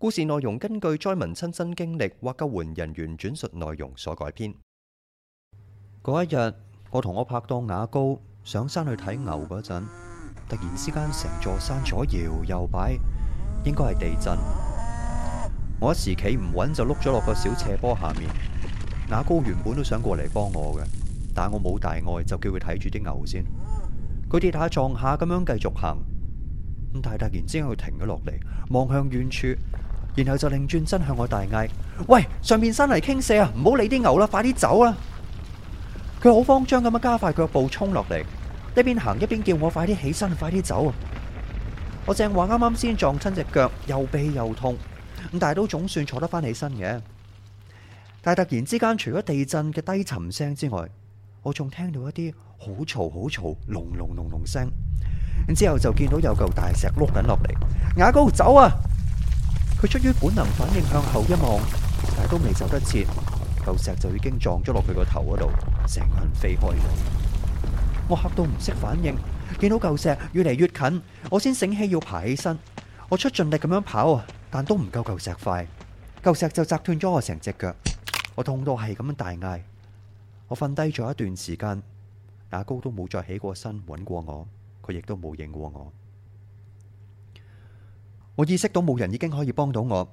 故事內容根據災民親身經歷或救援人員轉述內容所改編。嗰一日，我同我拍檔雅高上山去睇牛嗰陣，突然之間成座山左搖右擺，應該係地震。我一時企唔穩就碌咗落個小斜坡下面。雅高原本都想過嚟幫我嘅，但我冇大礙，就叫佢睇住啲牛先。佢跌下撞下咁樣繼續行。咁但係突然之間佢停咗落嚟，望向遠處，然後就擰轉身向我大嗌：喂，上面山泥傾瀉啊，唔好理啲牛啦，快啲走啊！佢好慌張咁樣加快腳步衝落嚟，一邊行一邊叫我快啲起身，快啲走啊！我正話啱啱先撞親隻腳，又痹又痛，咁但係都總算坐得返起身嘅。但係突然之間，除咗地震嘅低沉聲之外，我仲聽到一啲好嘈、好嘈、隆隆隆隆聲，之後就見到有嚿大石碌緊落嚟。雅高，走啊！佢出於本能反應向後一望，但都未走得切，嚿石就已經撞咗落佢個頭嗰度，成個人飛開。我嚇到唔識反應，見到嚿石越嚟越近，我先醒起要爬起身。我出盡力咁樣跑啊，但都唔夠嚿石快，嚿石就砸斷咗我成隻腳，我痛到係咁樣大嗌。我瞓低咗一段時間，阿高都冇再起過身揾過我，佢亦都冇認過我。我意識到冇人已經可以幫到我，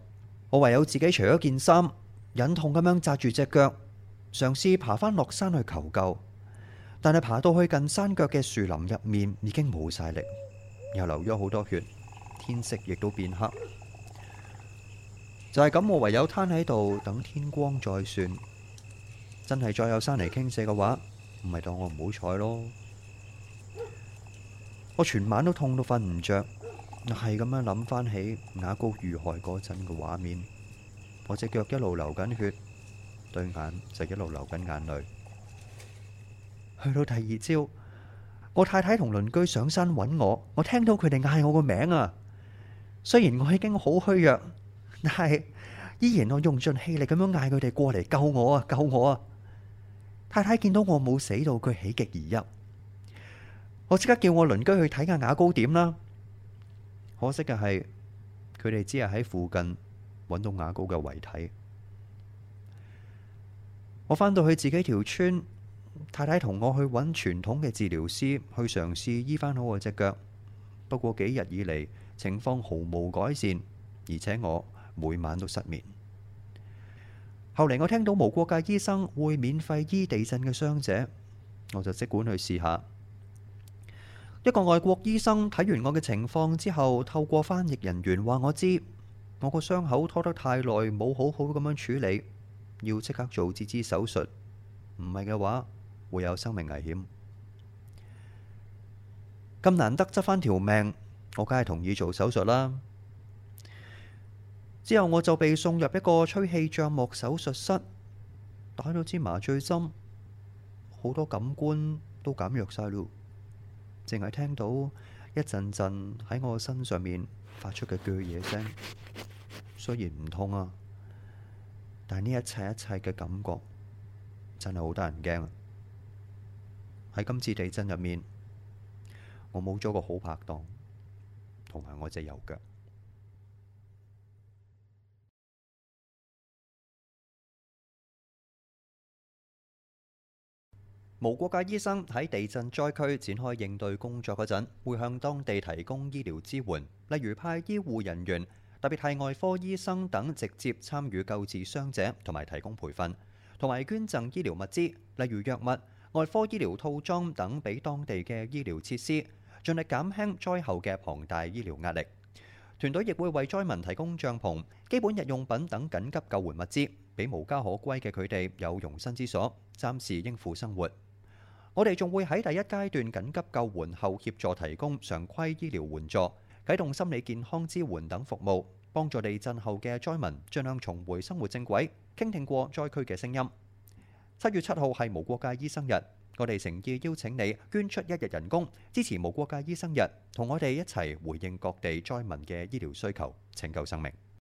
我唯有自己除咗件衫，忍痛咁樣紮住隻腳，嘗試爬翻落山去求救。但係爬到去近山腳嘅樹林入面，已經冇晒力，又流咗好多血，天色亦都變黑。就係咁，我唯有攤喺度等天光再算。真係再有山泥傾瀉嘅話，唔係當我唔好彩咯。我全晚都痛到瞓唔着，係咁樣諗翻起雅高遇害嗰陣嘅畫面，我隻腳一路流緊血，對眼就一路流緊眼淚。去到第二朝，我太太同鄰居上山揾我，我聽到佢哋嗌我個名啊。雖然我已經好虛弱，但係依然我用盡氣力咁樣嗌佢哋過嚟救我啊，救我啊！太太見到我冇死到，佢喜極而泣。我即刻叫我鄰居去睇下雅高點啦。可惜嘅係，佢哋只係喺附近揾到雅高嘅遺體。我返到去自己條村，太太同我去揾傳統嘅治療師去嘗試醫返好我隻腳。不過幾日以嚟，情況毫無改善，而且我每晚都失眠。後嚟我聽到無國界醫生會免費醫地震嘅傷者，我就即管去試下。一個外國醫生睇完我嘅情況之後，透過翻譯人員話我知我個傷口拖得太耐，冇好好咁樣處理，要即刻做截肢手術，唔係嘅話會有生命危險。咁難得執返條命，我梗係同意做手術啦。之後我就被送入一個吹氣帳幕手術室，打咗支麻醉針，好多感官都減弱晒咯，淨係聽到一陣陣喺我身上面發出嘅鋸嘢聲。雖然唔痛啊，但係呢一切一切嘅感覺真係好得人驚啊！喺今次地震入面，我冇咗個好拍檔，同埋我隻右腳。無國界醫生喺地震災區展開應對工作嗰陣，會向當地提供醫療支援，例如派醫護人員，特別係外科醫生等直接參與救治傷者，同埋提供培訓，同埋捐贈醫療物資，例如藥物、外科醫療套裝等，俾當地嘅醫療設施盡力減輕災後嘅龐大醫療壓力。團隊亦會為災民提供帳篷、基本日用品等緊急救援物資，俾無家可歸嘅佢哋有容身之所，暫時應付生活。我哋仲會喺第一階段緊急救援後協助提供常規醫療援助，啟動心理健康支援等服務，幫助地震後嘅災民盡量重回生活正軌，傾聽過災區嘅聲音。七月七號係無國界醫生日，我哋誠意邀請你捐出一日人工，支持無國界醫生日，同我哋一齊回應各地災民嘅醫療需求，拯救生命。